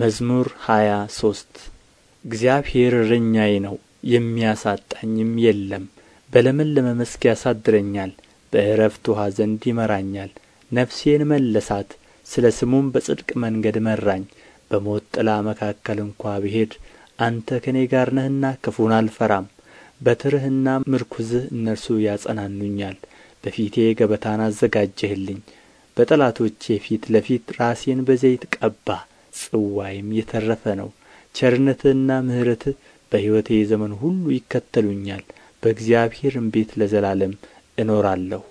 መዝሙር ሃያ ሶስት እግዚአብሔር እረኛዬ ነው የሚያሳጣኝም የለም በለመለመ መስክ ያሳድረኛል በእረፍት ውኃ ዘንድ ይመራኛል ነፍሴን መለሳት ስለ ስሙም በጽድቅ መንገድ መራኝ በሞት ጥላ መካከል እንኳ ብሄድ አንተ ከእኔ ጋር ነህና ክፉን አልፈራም በትርህና ምርኩዝህ እነርሱ ያጸናኑኛል በፊቴ ገበታን አዘጋጀህልኝ በጠላቶቼ ፊት ለፊት ራሴን በዘይት ቀባህ ጽዋይም የተረፈ ነው ቸርነትህና ምሕረትህ በሕይወቴ ዘመን ሁሉ ይከተሉኛል በእግዚአብሔርም ቤት ለዘላለም እኖራለሁ